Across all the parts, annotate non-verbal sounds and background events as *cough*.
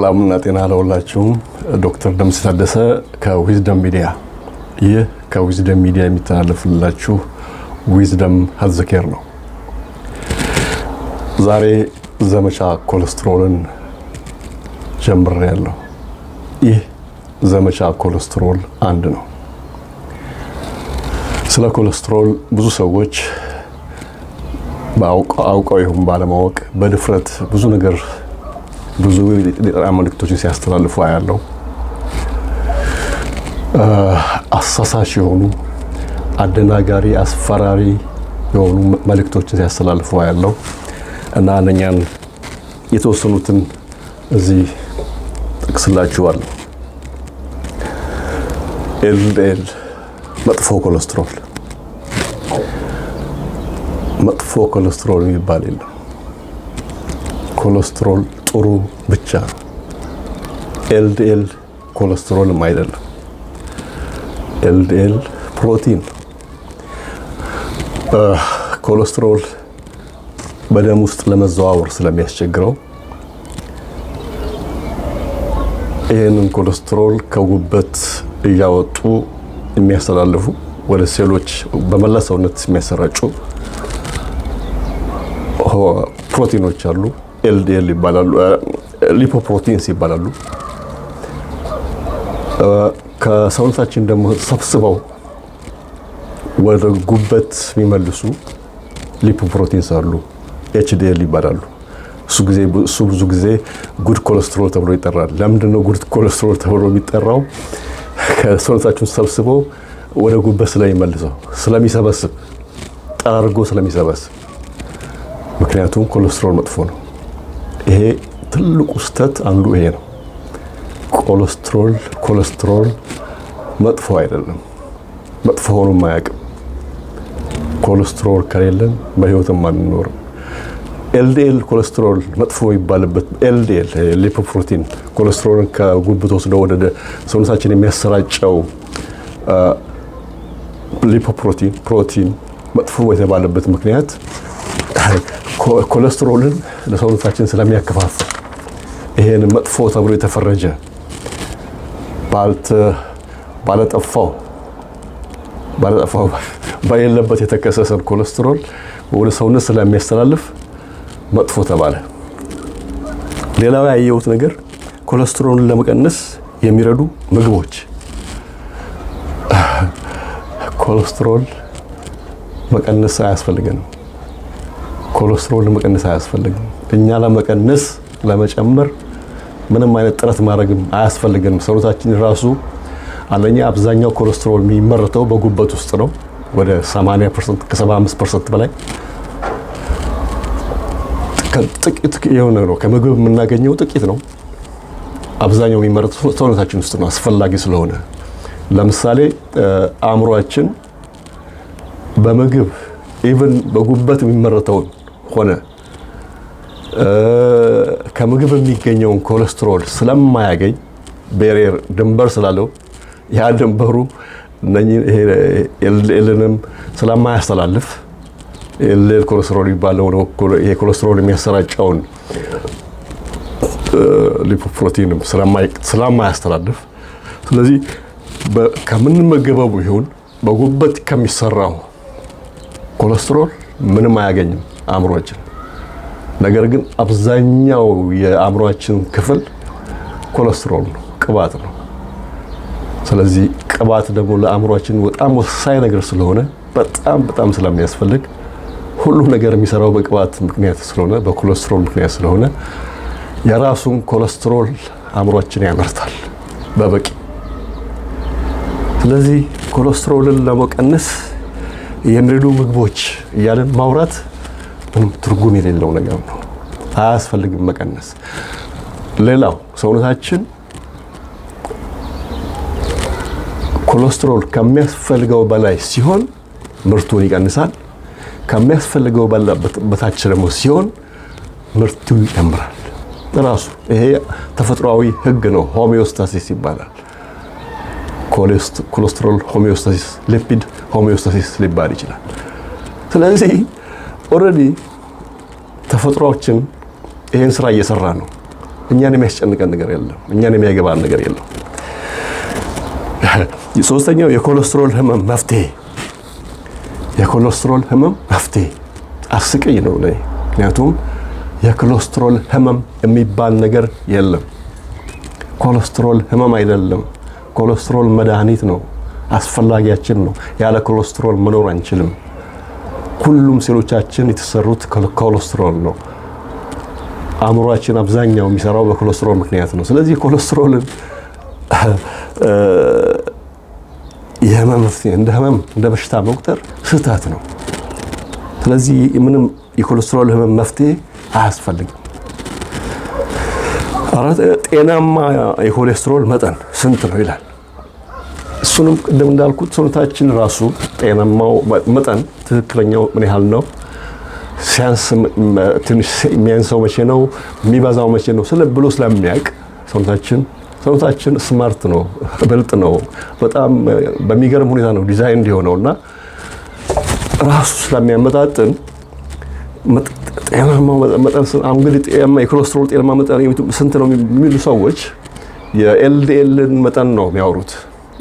ሰላምና ጤና ለሁላችሁም። ዶክተር ደምስ ታደሰ ከዊዝደም ሚዲያ። ይህ ከዊዝደም ሚዲያ የሚተላለፍላችሁ ዊዝደም ሀዘኬር ነው። ዛሬ ዘመቻ ኮለስትሮልን ጀምር ያለው ይህ ዘመቻ ኮለስትሮል አንድ ነው። ስለ ኮለስትሮል ብዙ ሰዎች አውቀው ይሁን ባለማወቅ በድፍረት ብዙ ነገር ብዙ የጤና መልእክቶችን ሲያስተላልፉ አያለው። አሳሳች የሆኑ አደናጋሪ፣ አስፈራሪ የሆኑ መልእክቶችን ሲያስተላልፉ አያለው እና እነኛን የተወሰኑትን እዚህ ጠቅስላችኋለሁ። ኤልኤል መጥፎ ኮለስትሮል መጥፎ ኮለስትሮል የሚባል የለም። ኮለስትሮል ጥሩ ብቻ ነው። ኤልዲኤል ኮለስትሮልም አይደለም። ኤልዲኤል ፕሮቲን ኮለስትሮል በደም ውስጥ ለመዘዋወር ስለሚያስቸግረው ይህንን ኮለስትሮል ከጉበት እያወጡ የሚያስተላልፉ ወደ ሴሎች በመላ ሰውነት የሚያሰራጩ ፕሮቲኖች አሉ። ኤልዲኤል ይባላሉ፣ ሊፖፕሮቲንስ ይባላሉ። ከሰውነታችን ደግሞ ሰብስበው ወደ ጉበት የሚመልሱ ሊፖፕሮቲንስ አሉ፣ ኤችዲኤል ይባላሉ። እሱ ብዙ ጊዜ ጉድ ኮለስትሮል ተብሎ ይጠራል። ለምንድነው ጉድ ኮለስትሮል ተብሎ የሚጠራው? ከሰውነታችን ሰብስበው ወደ ጉበት ስለሚመልሰው ስለሚሰበስብ፣ ጠራርጎ ስለሚሰበስብ። ምክንያቱም ኮለስትሮል መጥፎ ነው። ይሄ ትልቁ ስህተት አንዱ ይሄ ነው። ኮለስትሮል ኮለስትሮል መጥፎ አይደለም፣ መጥፎ ሆኖም አያውቅም። ኮለስትሮል ከሌለን በህይወትም አንኖርም። ኤልዲኤል ኮለስትሮል መጥፎ ይባልበት ኤልዲኤል ሊፖፕሮቲን ኮለስትሮልን ከጉበት ወስዶ ወደ ሰውነታችን የሚያሰራጨው ሊፖፕሮቲን ፕሮቲን መጥፎ የተባለበት ምክንያት ኮለስትሮልን ለሰውነታችን ስለሚያከፋፍል ይሄን መጥፎ ተብሎ የተፈረጀ ባለጠፋው ባለጠፋው *laughs* በሌለበት የተከሰሰን ኮለስትሮል ወደ ሰውነት ስለሚያስተላልፍ መጥፎ ተባለ። ሌላው ያየሁት ነገር ኮለስትሮልን ለመቀነስ የሚረዱ ምግቦች *sighs* ኮለስትሮል መቀነስ አያስፈልገንም። ኮሌስትሮልን መቀነስ አያስፈልግም። እኛ ለመቀነስ ለመጨመር ምንም አይነት ጥረት ማድረግም አያስፈልግንም። ሰውነታችን ራሱ አንደኛ አብዛኛው ኮሌስትሮል የሚመረተው በጉበት ውስጥ ነው። ወደ 80 ከ75 በላይ ጥቂት የሆነ ነው ከምግብ የምናገኘው ጥቂት ነው። አብዛኛው የሚመረተው ሰውነታችን ውስጥ ነው አስፈላጊ ስለሆነ ለምሳሌ አእምሯችን በምግብ ኢቭን በጉበት የሚመረተውን ሆነ ከምግብ የሚገኘውን ኮሌስትሮል ስለማያገኝ ቤሪየር ድንበር ስላለው ያ ድንበሩ ኤልንም ስለማያስተላልፍ ኤልኤል ኮሌስትሮል የሚባለው ይሄ ኮሌስትሮል የሚያሰራጨውን ሊፖፕሮቲንም ስለማያስተላልፍ፣ ስለዚህ ከምንመገበው ይሁን በጉበት ከሚሰራው ኮለስትሮል ምንም አያገኝም አእምሮአችን። ነገር ግን አብዛኛው የአእምሮአችን ክፍል ኮለስትሮል ነው፣ ቅባት ነው። ስለዚህ ቅባት ደግሞ ለአእምሮአችን በጣም ወሳኝ ነገር ስለሆነ በጣም በጣም ስለሚያስፈልግ ሁሉም ነገር የሚሰራው በቅባት ምክንያት ስለሆነ በኮለስትሮል ምክንያት ስለሆነ የራሱን ኮለስትሮል አእምሮአችን ያመርታል በበቂ። ስለዚህ ኮለስትሮልን ለመቀነስ የሚሉ ምግቦች እያለን ማውራት ምንም ትርጉም የሌለው ነገር ነው። አያስፈልግም መቀነስ። ሌላው ሰውነታችን ኮሌስትሮል ከሚያስፈልገው በላይ ሲሆን ምርቱን ይቀንሳል። ከሚያስፈልገው በታች ደግሞ ሲሆን ምርቱ ይጨምራል። ራሱ ይሄ ተፈጥሯዊ ህግ ነው። ሆሚዮስታሲስ ይባላል። ኮሌስትሮል ሆሚዮስታሲስ፣ ሊፒድ ሆሚዮስታሲስ ሊባል ይችላል። ስለዚህ ኦልሬዲ ተፈጥሯችን ይህን ስራ እየሰራ ነው። እኛን የሚያስጨንቀን ነገር የለም። እኛን የሚያገባን ነገር የለም። ሶስተኛው የኮሌስትሮል ህመም መፍትሄ የኮሌስትሮል ህመም መፍትሄ አስቀኝ ነው ላይ ምክንያቱም የኮሌስትሮል ህመም የሚባል ነገር የለም። ኮሌስትሮል ህመም አይደለም። ኮሌስትሮል መድኃኒት ነው፣ አስፈላጊያችን ነው። ያለ ኮሌስትሮል መኖር አንችልም። ሁሉም ሴሎቻችን የተሰሩት ኮሌስትሮል ነው። አእምሯችን አብዛኛው የሚሰራው በኮሌስትሮል ምክንያት ነው። ስለዚህ ኮሌስትሮልን የህመም መፍትሄ እንደ ህመም እንደ በሽታ መቁጠር ስህተት ነው። ስለዚህ ምንም የኮሌስትሮል ህመም መፍትሄ አያስፈልግም። ጤናማ የኮሌስትሮል መጠን ስንት ነው ይላል። እሱንም ቅድም እንዳልኩት ሰውነታችን ራሱ ጤናማው መጠን ትክክለኛው ምን ያህል ነው፣ ሲያንስ ትንሽ የሚያንሰው መቼ ነው፣ የሚበዛው መቼ ነው ስለ ብሎ ስለሚያውቅ ሰውነታችን ሰውነታችን ስማርት ነው፣ ብልጥ ነው። በጣም በሚገርም ሁኔታ ነው ዲዛይን እንዲሆነው እና ራሱ ስለሚያመጣጥን ጤናማ መጠን እንግዲህ የኮሌስትሮል ጤናማ መጠን ስንት ነው የሚሉ ሰዎች የኤልዲኤልን መጠን ነው የሚያወሩት።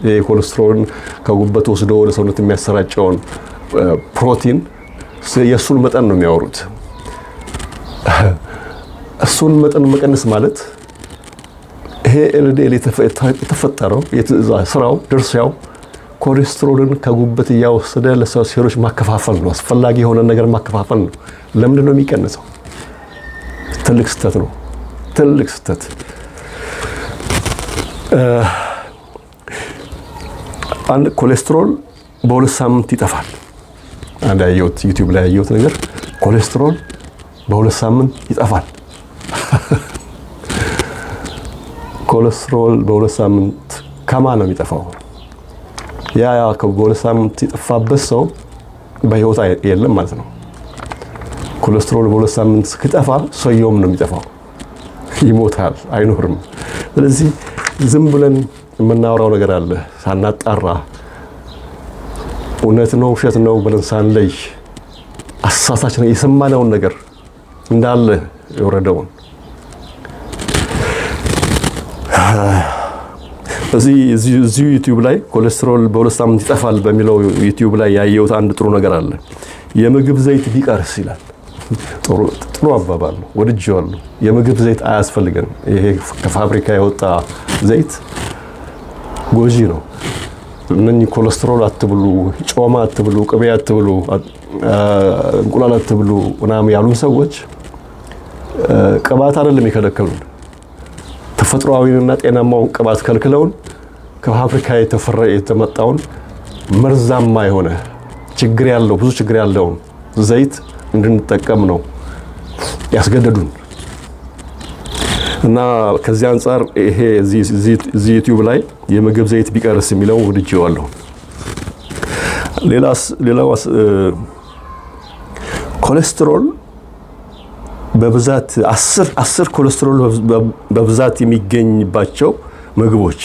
የኮሌስትሮልን ከጉበት ወስዶ ወደ ሰውነት የሚያሰራጨውን ፕሮቲን የእሱን መጠን ነው የሚያወሩት። *laughs* እሱን መጠን መቀነስ ማለት ይሄ ኤልዲኤል የተፈጠረው ስራው ድርሻው ኮሌስትሮልን ከጉበት እያወሰደ ለሰው ሴሎች ማከፋፈል ነው። አስፈላጊ የሆነ ነገር ማከፋፈል ነው። ለምንድን ነው የሚቀንሰው? ትልቅ ስህተት ነው። ትልቅ ስህተት አንድ ኮሌስትሮል በሁለት ሳምንት ይጠፋል። አንድ ያየሁት ዩቲዩብ ላይ ያየሁት ነገር ኮሌስትሮል በሁለት ሳምንት ይጠፋል። *laughs* ኮሌስትሮል በሁለት ሳምንት ከማ ነው የሚጠፋው? ያ ያ በሁለት ሳምንት የጠፋበት ሰው በህይወት የለም ማለት ነው። ኮሌስትሮል በሁለት ሳምንት ክጠፋ ሰውየውም ነው የሚጠፋው፣ ይሞታል፣ አይኖርም። ስለዚህ ዝም ብለን የምናወራው ነገር አለ ሳናጣራ እውነት ነው ውሸት ነው ብለን ሳንለይ አሳሳች ነው የሰማነውን ነገር እንዳለ የወረደውን እዚሁ ዩቲዩብ ላይ ኮሌስትሮል በሁለት ሳምንት ይጠፋል በሚለው ዩቲዩብ ላይ ያየሁት አንድ ጥሩ ነገር አለ። የምግብ ዘይት ቢቀርስ ይላል። ጥሩ አባባል ነው፣ ወድጄዋለሁ። የምግብ ዘይት አያስፈልገን። ይሄ ከፋብሪካ የወጣ ዘይት ጎጂ ነው። እነኚህ ኮለስትሮል አትብሉ፣ ጮማ አትብሉ፣ ቅቤ አትብሉ፣ እንቁላል አትብሉ ምናምን ያሉን ሰዎች ቅባት አይደለም የከለከሉን ተፈጥሯዊንና ጤናማውን ቅባት ከልክለውን ከፋብሪካ የተፈረ የተመጣውን መርዛማ የሆነ ችግር ያለው ብዙ ችግር ያለውን ዘይት እንድንጠቀም ነው ያስገደዱን። እና ከዚህ አንጻር ይሄ እዚህ ዩቲዩብ ላይ የምግብ ዘይት ቢቀርስ የሚለው ወድጄዋለሁ። ሌላው ኮሌስትሮል በብዛት አስር ኮሌስትሮል በብዛት የሚገኝባቸው ምግቦች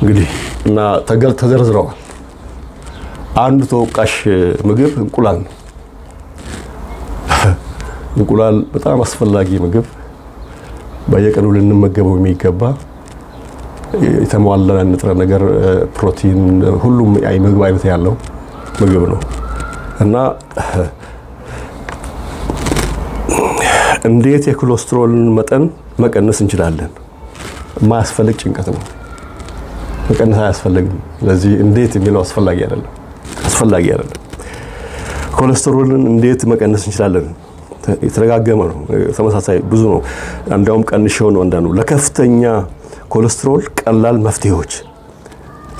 እንግዲህ እና ተዘርዝረዋል። አንዱ ተወቃሽ ምግብ እንቁላል ነው። እንቁላል በጣም አስፈላጊ ምግብ፣ በየቀኑ ልንመገበው የሚገባ የተሟላ ንጥረ ነገር ፕሮቲን፣ ሁሉም ምግብ አይነት ያለው ምግብ ነው እና እንዴት የኮሌስትሮልን መጠን መቀነስ እንችላለን? የማያስፈልግ ጭንቀት ነው። መቀነስ አያስፈልግም። ስለዚህ እንዴት የሚለው አስፈላጊ አይደለም፣ አስፈላጊ አይደለም። ኮሌስትሮልን እንዴት መቀነስ እንችላለን? የተደጋገመ ነው። ተመሳሳይ ብዙ ነው። እንዲያውም ቀንሼው ነው አንዳንዱ። ለከፍተኛ ኮሌስትሮል ቀላል መፍትሄዎች፣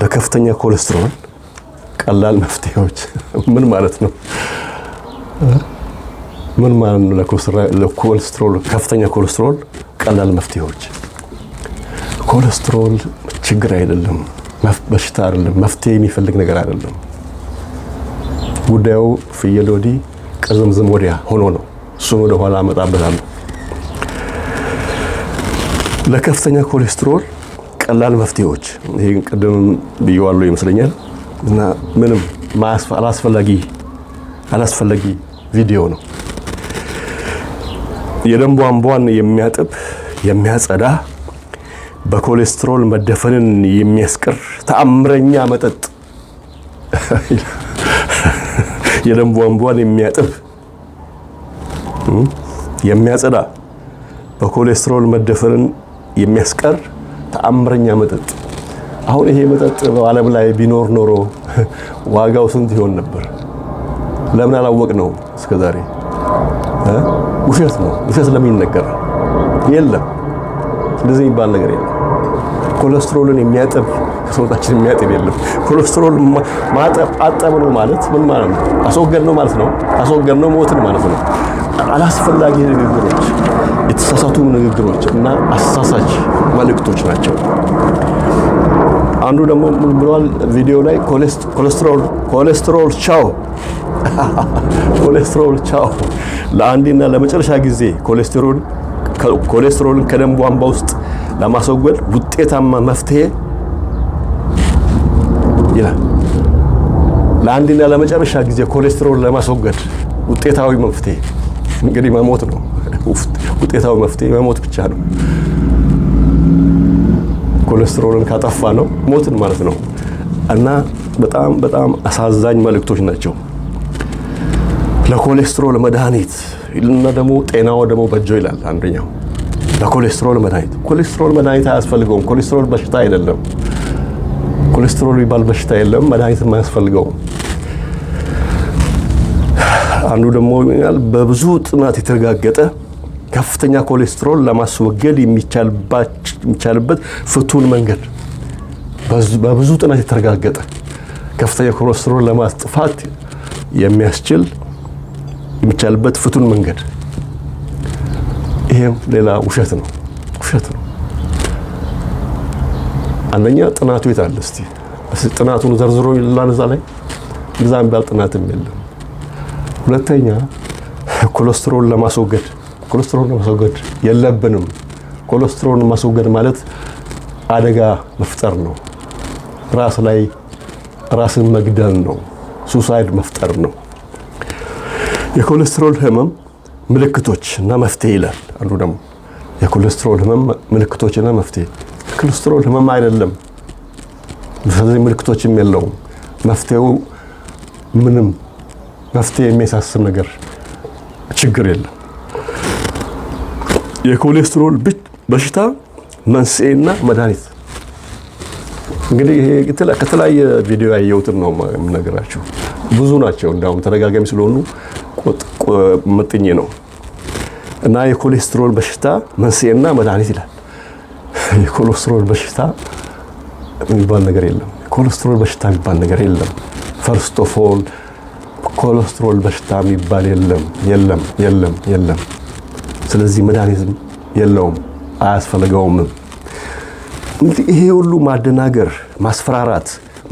ለከፍተኛ ኮሌስትሮል ቀላል መፍትሄዎች *laughs* ምን ማለት ነው? ምን ማለት ነው? ለኮሌስትሮል ከፍተኛ ኮሌስትሮል ቀላል መፍትሄዎች። ኮሌስትሮል ችግር አይደለም፣ በሽታ አይደለም፣ መፍትሄ የሚፈልግ ነገር አይደለም። ጉዳዩ ፍየል ወዲህ ቀዘምዘም ወዲያ ሆኖ ነው እሱን ወደ ኋላ አመጣበታለሁ። ለከፍተኛ ኮሌስትሮል ቀላል መፍትሄዎች ይሄን ቅድም ብየዋለሁ ይመስለኛል። እና ምንም አላስፈላጊ አላስፈላጊ ቪዲዮ ነው። የደም ቧንቧን የሚያጥብ የሚያጸዳ፣ በኮሌስትሮል መደፈንን የሚያስቀር ተአምረኛ መጠጥ *laughs* የደም ቧንቧን የሚያጥብ የሚያጸዳ በኮሌስትሮል መደፈርን የሚያስቀር ተአምረኛ መጠጥ። አሁን ይሄ መጠጥ በዓለም ላይ ቢኖር ኖሮ *laughs* ዋጋው ስንት ይሆን ነበር? ለምን አላወቅ ነው እስከዛሬ? ውሸት ነው። ውሸት ለምን ይነገራል? የለም፣ እንደዚህ የሚባል ነገር የለም። ኮሌስትሮልን የሚያጠብ ሰውነታችን የሚያጥብ የለም። ኮሌስትሮል ነው ማለት ምን ማለት ነው? ነው ማለት ነው። ነው ሞትን ማለት ነው። አላስፈላጊ ንግግሮች፣ የተሳሳቱ ንግግሮች እና አሳሳች መልእክቶች ናቸው። አንዱ ደግሞ ምን ብለዋል ቪዲዮ ላይ ኮሌስትሮል ኮሌስትሮል ቻው *laughs* ኮሌስትሮል ቻው ለአንዴና ለመጨረሻ ጊዜ ኮሌስትሮልን ከደም ቧንቧ ውስጥ ለማስወገድ ውጤታማ መፍትሄ ይላል። ለአንድና ለመጨረሻ ጊዜ ኮሌስትሮል ለማስወገድ ውጤታዊ መፍትሄ እንግዲህ መሞት ነው። ውጤታዊ መፍትሄ መሞት ብቻ ነው። ኮሌስትሮልን ካጠፋ ነው ሞትን ማለት ነው። እና በጣም በጣም አሳዛኝ መልእክቶች ናቸው። ለኮሌስትሮል መድኃኒት እና ደግሞ ጤናው ደግሞ በጆ ይላል። አንደኛው ለኮሌስትሮል መድኃኒት፣ ኮሌስትሮል መድኃኒት አያስፈልገውም። ኮሌስትሮል በሽታ አይደለም። ኮሌስትሮል የሚባል በሽታ የለም፣ መድኃኒት የማያስፈልገው። አንዱ ደግሞ ይላል በብዙ ጥናት የተረጋገጠ ከፍተኛ ኮሌስትሮል ለማስወገድ የሚቻልበት ፍቱን መንገድ በብዙ ጥናት የተረጋገጠ ከፍተኛ ኮሌስትሮል ለማጥፋት የሚያስችል የሚቻልበት ፍቱን መንገድ። ይሄም ሌላ ውሸት ነው፣ ውሸት ነው። አንደኛ ጥናቱ የት አለ? እስቲ ጥናቱን ዘርዝሮ ይላል እዛ ላይ እዛ የሚባል ጥናትም የለም። ሁለተኛ ኮሌስትሮል ለማስወገድ ኮሌስትሮል ለማስወገድ የለብንም። ኮሌስትሮል ማስወገድ ማለት አደጋ መፍጠር ነው። ራስ ላይ ራስን መግደል ነው። ሱሳይድ መፍጠር ነው። የኮሌስትሮል ህመም ምልክቶች እና መፍትሄ ይላል። አንዱ ደግሞ የኮሌስትሮል ህመም ምልክቶችና መፍትሄ ኮሌስትሮል ህመም አይደለም። ስለዚህ ምልክቶችም የለውም። መፍትሄው ምንም መፍትሄ የሚያሳስብ ነገር ችግር የለም። የኮሌስትሮል በሽታ መንስኤና መድኃኒት እንግዲህ ይሄ ከተለያየ ቪዲዮ ያየሁትን ነው የምነግራችሁ። ብዙ ናቸው፣ እንዲሁም ተደጋጋሚ ስለሆኑ መጥኜ ነው እና የኮሌስትሮል በሽታ መንስኤና መድኃኒት ይላል። የኮሌስትሮል በሽታ የሚባል ነገር የለም። የኮሌስትሮል በሽታ የሚባል ነገር የለም። ፈርስት ኦፍ ኦል ኮሌስትሮል በሽታ የሚባል የለም፣ የለም፣ የለም፣ የለም። ስለዚህ መድኃኒትም የለውም፣ አያስፈልገውም። እንግዲህ ይሄ ሁሉ ማደናገር፣ ማስፈራራት፣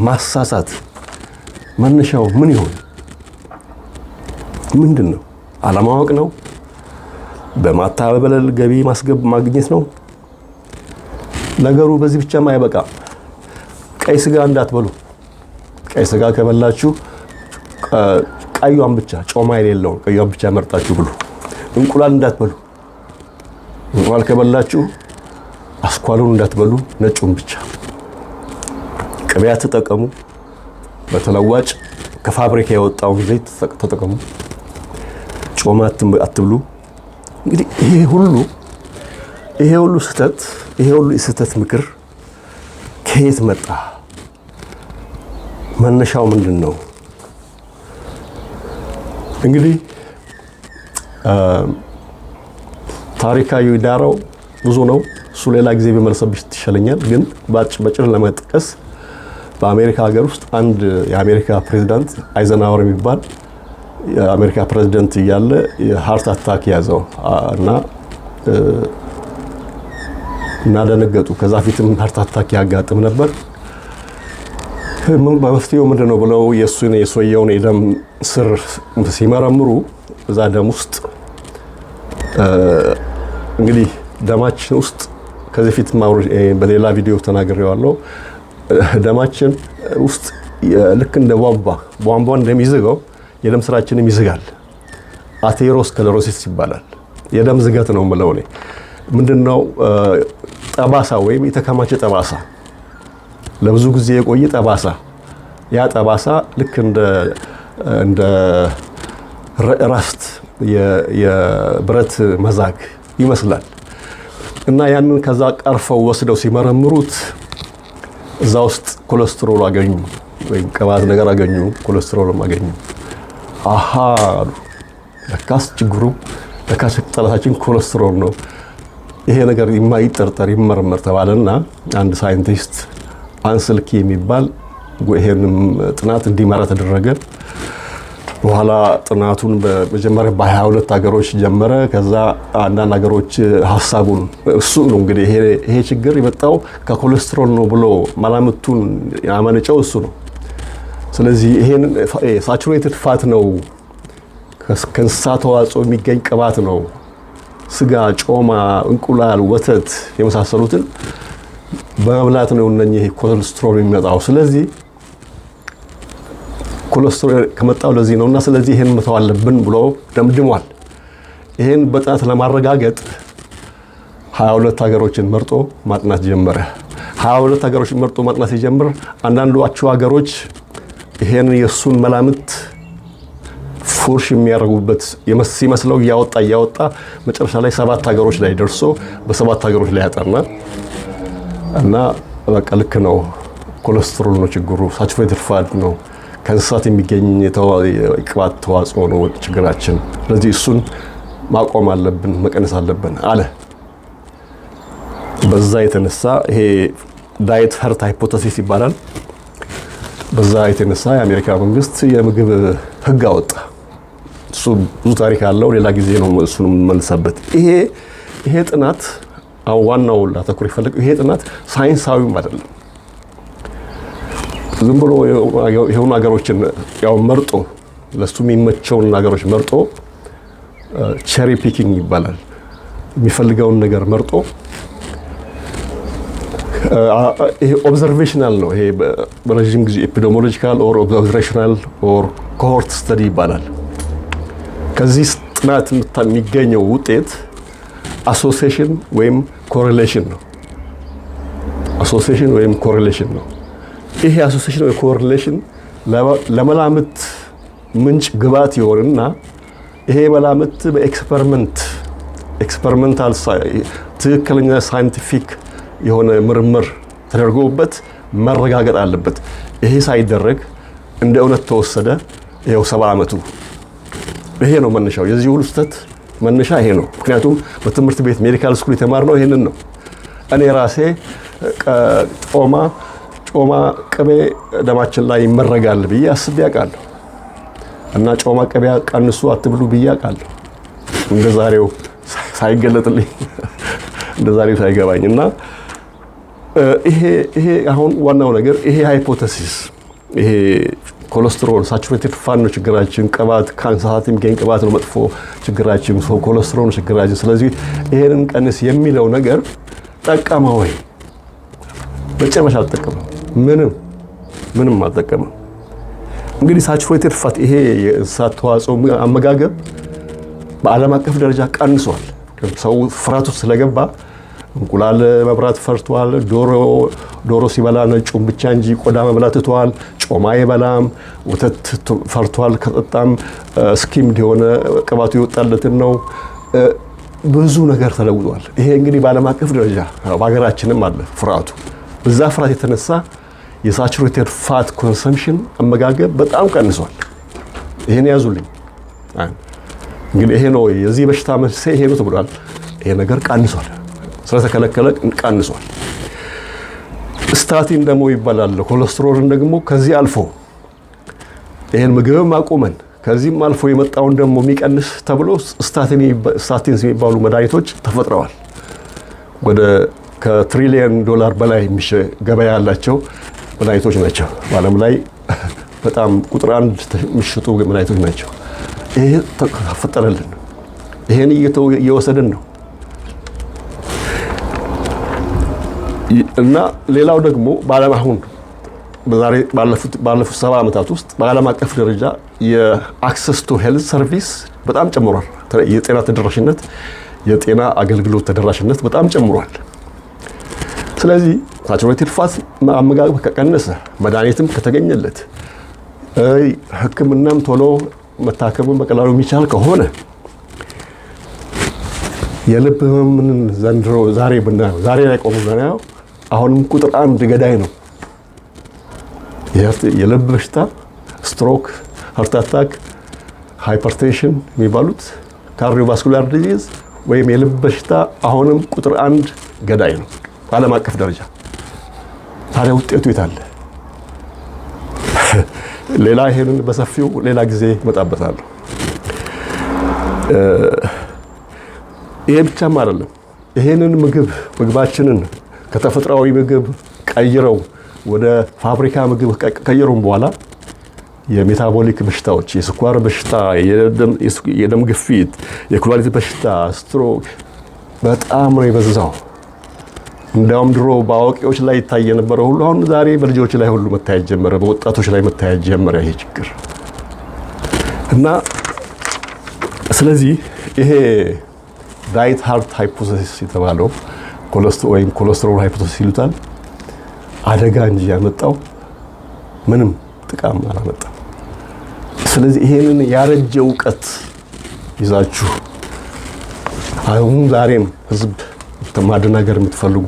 ማሳሳት መነሻው ምን ይሆን? ምንድን ነው? አለማወቅ ነው? በማታበለል ገቢ ማግኘት ነው? ነገሩ በዚህ ብቻም አይበቃም። ቀይ ስጋ እንዳትበሉ። ቀይ ስጋ ከበላችሁ ቀዩን ብቻ ጮማ የሌለውን ቀዩን ብቻ መርጣችሁ ብሉ። እንቁላል እንዳትበሉ። እንቁላል ከበላችሁ አስኳሉን እንዳትበሉ፣ ነጩን ብቻ። ቅቤያ ተጠቀሙ። በተለዋጭ ከፋብሪካ የወጣውን ዘይት ተጠቀሙ። ጮማ አትብሉ። እንግዲህ ይሄ ሁሉ ይሄ ሁሉ ስህተት ይሄ ሁሉ የስህተት ምክር ከየት መጣ? መነሻው ምንድን ነው? እንግዲህ ታሪካዊ ዳራው ብዙ ነው። እሱ ሌላ ጊዜ ቢመለሰብሽ ትሸለኛል። ግን በጭር ለመጥቀስ በአሜሪካ ሀገር ውስጥ አንድ የአሜሪካ ፕሬዚዳንት አይዘናወር የሚባል የአሜሪካ ፕሬዚደንት እያለ የሃርት አታክ ያዘው እና እና ደነገጡ። ከዛ ፊትም ሀርት አታክ ያጋጥም ነበር። መፍትሄው ምንድን ነው ብለው የእሱን የሰውየውን የደም ስር ሲመረምሩ እዛ ደም ውስጥ እንግዲህ ደማችን ውስጥ ከዚህ ፊት በሌላ ቪዲዮ ተናግሬዋለሁ። ደማችን ውስጥ ልክ እንደ ቧንቧ ቧንቧ እንደሚዝገው የደም ስራችንም ይዝጋል። አቴሮስክለሮሲስ ይባላል። የደም ዝገት ነው ምለው እኔ ምንድነው ጠባሳ ወይም የተከማቸ ጠባሳ ለብዙ ጊዜ የቆየ ጠባሳ ያ ጠባሳ ልክ እንደ እንደ ራስት የብረት መዛግ ይመስላል እና ያንን ከዛ ቀርፈው ወስደው ሲመረምሩት እዛ ውስጥ ኮሌስትሮል አገኙ፣ ወይም ቅባት ነገር አገኙ፣ ኮሌስትሮልም አገኙ። አሃ አሉ፣ ለካስ ችግሩ ለካስ ጠላታችን ኮሌስትሮል ነው። ይሄ ነገር የማይጠርጠር ይመርመር ተባለና አንድ ሳይንቲስት አንስልኪ የሚባል ይሄንም ጥናት እንዲመራ ተደረገ። በኋላ ጥናቱን መጀመሪያ በ22 ሀገሮች ጀመረ። ከዛ አንዳንድ ሀገሮች ሀሳቡን እሱ ነው እንግዲህ ይሄ ችግር የመጣው ከኮሌስትሮል ነው ብሎ መላምቱን ያመነጨው እሱ ነው። ስለዚህ ይሄን ሳቹሬትድ ፋት ነው ከእንስሳ ተዋጽኦ የሚገኝ ቅባት ነው ስጋ፣ ጮማ፣ እንቁላል፣ ወተት የመሳሰሉትን በመብላት ነው እነኚህ ኮሌስትሮል የሚመጣው። ስለዚህ ኮሌስትሮል ከመጣው ለዚህ ነውና ስለዚህ ይህን መተው አለብን ብሎ ደምድሟል። ይህን በጥናት ለማረጋገጥ ሁለት ሀገሮችን መርጦ ማጥናት ጀመረ። ሁለት ሀገሮችን መርጦ ማጥናት ሲጀምር አንዳንዶቹ ሀገሮች ይሄን የእሱን መላምት ፉርሽ የሚያደርጉበት ሲመስለው እያወጣ እያወጣ መጨረሻ ላይ ሰባት ሀገሮች ላይ ደርሶ በሰባት ሀገሮች ላይ ያጠና እና በቃ ልክ ነው። ኮለስትሮል ነው ችግሩ፣ ሳቹሬትድ ፋድ ነው ከእንስሳት የሚገኝ ቅባት ተዋጽኦ ነው ችግራችን። ስለዚህ እሱን ማቆም አለብን፣ መቀነስ አለብን አለ። በዛ የተነሳ ይሄ ዳይት ሀርት ሃይፖተሲስ ይባላል። በዛ የተነሳ የአሜሪካ መንግስት የምግብ ህግ አወጣ። እሱ ብዙ ታሪክ አለው። ሌላ ጊዜ ነው እሱን የምንመልሰበት። ይሄ ይሄ ጥናት አሁን ዋናው ላተኩር ይፈልግ ይሄ ጥናት ሳይንሳዊም አይደለም። ዝም ብሎ የሆኑ ሀገሮችን ያው መርጦ ለሱ የሚመቸውን ሀገሮች መርጦ ቸሪ ፒኪንግ ይባላል። የሚፈልገውን ነገር መርጦ ይሄ ኦብዘርቬሽናል ነው። ይሄ በረዥም ጊዜ ኤፒዶሞሎጂካል ኦር ኦብዘርቬሽናል ኦር ኮሆርት ስተዲ ይባላል። ከዚህ ጥናት የሚገኘው ውጤት አሶሲሽን ወይም ኮሬሌሽን ነው። አሶሲሽን ወይም ኮሬሌሽን ነው። ይሄ አሶሲሽን ወይ ኮሬሌሽን ለመላምት ምንጭ ግብዓት ይሆንና ይሄ መላምት በኤክስፐሪመንት ኤክስፐሪመንታል ትክክለኛ ሳይንቲፊክ የሆነ ምርምር ተደርጎበት መረጋገጥ አለበት። ይሄ ሳይደረግ እንደ እውነት ተወሰደ። ይኸው ሰባ ዓመቱ ይሄ ነው መነሻው። የዚህ ሁሉ ስህተት መነሻ ይሄ ነው። ምክንያቱም በትምህርት ቤት ሜዲካል ስኩል የተማርነው ይሄንን ነው። እኔ ራሴ ጮማ ጮማ ቅቤ ደማችን ላይ ይመረጋል ብዬ አስቤ አውቃለሁ። እና ጮማ ቅቤ ቀንሱ አትብሉ ብዬ አውቃለሁ። እንደ ዛሬው ሳይገለጥልኝ እንደ ዛሬው ሳይገባኝ እና ይሄ አሁን ዋናው ነገር ይሄ ሃይፖተሲስ ይሄ ኮለስትሮል ሳቹሬትድ ፋት ነው ችግራችን። ቅባት ከእንስሳት የሚገኝ ቅባት ነው መጥፎ ችግራችን። ኮለስትሮል ነው ችግራችን። ስለዚህ ይሄንን ቀንስ የሚለው ነገር ጠቀመ ወይ? በጭራሽ አልጠቀመም። ምንም ምንም አልጠቀመም። እንግዲህ ሳቹሬትድ ፋት ይሄ የእንስሳት ተዋጽኦ አመጋገብ በዓለም አቀፍ ደረጃ ቀንሷል። ሰው ፍራቱ ስለገባ እንቁላል መብራት ፈርቷል። ዶሮ ዶሮ ሲበላ ነጩን ብቻ እንጂ ቆዳ መብላት ትተዋል። ጮማ አይበላም፣ ወተት ፈርቷል ከጠጣም ስኪም እንዲሆነ ቅባቱ ይወጣለትን ነው። ብዙ ነገር ተለውጧል። ይሄ እንግዲህ በዓለም አቀፍ ደረጃ በሀገራችንም አለ ፍርሃቱ። በዛ ፍርሃት የተነሳ የሳቹሬትድ ፋት ኮንሰምሽን አመጋገብ በጣም ቀንሷል። ይሄን ያዙልኝ። እንግዲህ ይሄ ነው የዚህ በሽታ መንስኤ ይሄ ነው ተብሏል። ይሄ ነገር ቀንሷል፣ ስለተከለከለ ቀንሷል። ስታቲን ደግሞ ይባላል። ኮሌስትሮልን ደግሞ ከዚህ አልፎ ይህን ምግብም አቁመን ከዚህም አልፎ የመጣውን ደግሞ የሚቀንስ ተብሎ ስታቲንስ የሚባሉ መድኃኒቶች ተፈጥረዋል። ወደ ከትሪሊየን ዶላር በላይ ገበያ ያላቸው መድኃኒቶች ናቸው። በዓለም ላይ *laughs* በጣም ቁጥር አንድ የሚሸጡ መድኃኒቶች ናቸው። ይህ ተፈጠረልን። ይህን እየወሰድን ነው። እና ሌላው ደግሞ በዓለም አሁን በዛሬ ባለፉት ሰባ ዓመታት ውስጥ በዓለም አቀፍ ደረጃ የአክሰስ ቱ ሄልዝ ሰርቪስ በጣም ጨምሯል። የጤና ተደራሽነት የጤና አገልግሎት ተደራሽነት በጣም ጨምሯል። ስለዚህ ሳቹሬትድ ፋት አመጋገብ ከቀነሰ፣ መድኃኒትም ከተገኘለት፣ ሕክምናም ቶሎ መታከምን በቀላሉ የሚቻል ከሆነ የልብ ህመምን ዘንድሮ ዛሬ ብናየው ዛሬ ላይ ቆሙ ብናየው አሁንም ቁጥር አንድ ገዳይ ነው። የልብ በሽታ፣ ስትሮክ፣ ሀርት አታክ፣ ሃይፐርቴንሽን የሚባሉት ካርዲዮቫስኩላር ዲዚዝ ወይም የልብ በሽታ አሁንም ቁጥር አንድ ገዳይ ነው በዓለም አቀፍ ደረጃ። ታዲያ ውጤቱ አለ። *laughs* ሌላ ይሄንን በሰፊው ሌላ ጊዜ እመጣበታለሁ። ይሄ ብቻም አይደለም። ይሄንን ምግብ ምግባችንን ከተፈጥሯዊ ምግብ ቀይረው ወደ ፋብሪካ ምግብ ከቀየሩም በኋላ የሜታቦሊክ በሽታዎች፣ የስኳር በሽታ፣ የደም ግፊት፣ የኩላሊት በሽታ፣ ስትሮክ በጣም ነው የበዛው። እንዲያውም ድሮ በአዋቂዎች ላይ ይታይ የነበረ ሁሉ አሁን ዛሬ በልጆች ላይ ሁሉ መታየት ጀመረ፣ በወጣቶች ላይ መታየት ጀመረ ይሄ ችግር እና ስለዚህ ይሄ ዳይት ሃርት ሃይፖቴሲስ የተባለው ወይም ኮለስትሮል ሃይፖቶሲስ ይሉታል። አደጋ እንጂ ያመጣው ምንም ጥቃም አላመጣም። ስለዚህ ይሄንን ያረጀ እውቀት ይዛችሁ አሁን ዛሬም ህዝብ ማደናገር የምትፈልጉ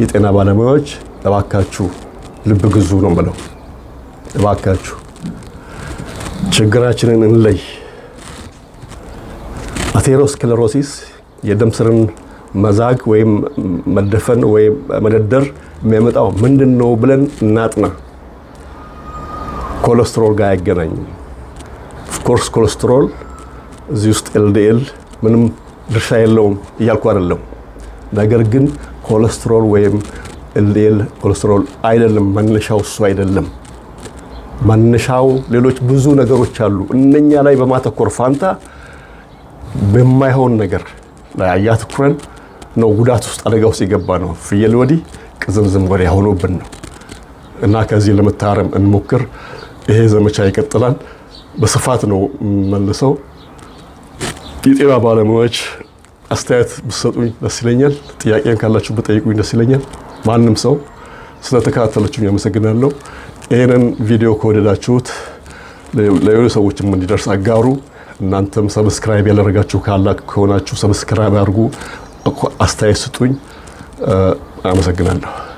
የጤና ባለሙያዎች እባካችሁ ልብ ግዙ ነው ብለው እባካችሁ ችግራችንን እንለይ። አቴሮስክለሮሲስ የደም ስርን መዛቅ ወይም መደፈን ወይም መደደር የሚያመጣው ምንድን ነው ብለን እናጥና። ኮለስትሮል ጋር አይገናኝም። ኦፍኮርስ ኮለስትሮል እዚህ ውስጥ ኤልዲኤል ምንም ድርሻ የለውም እያልኩ አይደለም። ነገር ግን ኮለስትሮል ወይም ኤልዲኤል ኮለስትሮል አይደለም፣ መነሻው እሱ አይደለም። መነሻው ሌሎች ብዙ ነገሮች አሉ። እነኛ ላይ በማተኮር ፋንታ በማይሆን ነገር ላይ አያትኩረን ነው ጉዳት ውስጥ አደጋ ውስጥ የገባ ነው። ፍየል ወዲህ ቅዝምዝም ወዲያ ሆኖብን ነው እና ከዚህ ለመታረም እንሞክር። ይሄ ዘመቻ ይቀጥላል። በስፋት ነው መልሰው የጤና ባለሙያዎች አስተያየት ብሰጡኝ ደስ ይለኛል። ጥያቄም ካላችሁ ብጠይቁኝ ደስ ይለኛል። ማንም ሰው ስለተከታተለችሁኝ አመሰግናለሁ። ይህንን ቪዲዮ ከወደዳችሁት ለሌሎች ሰዎችም እንዲደርስ አጋሩ። እናንተም ሰብስክራይብ ያደረጋችሁ ካላ ከሆናችሁ ሰብስክራይብ አድርጉ። አስተያየት ስጡኝ። አመሰግናለሁ።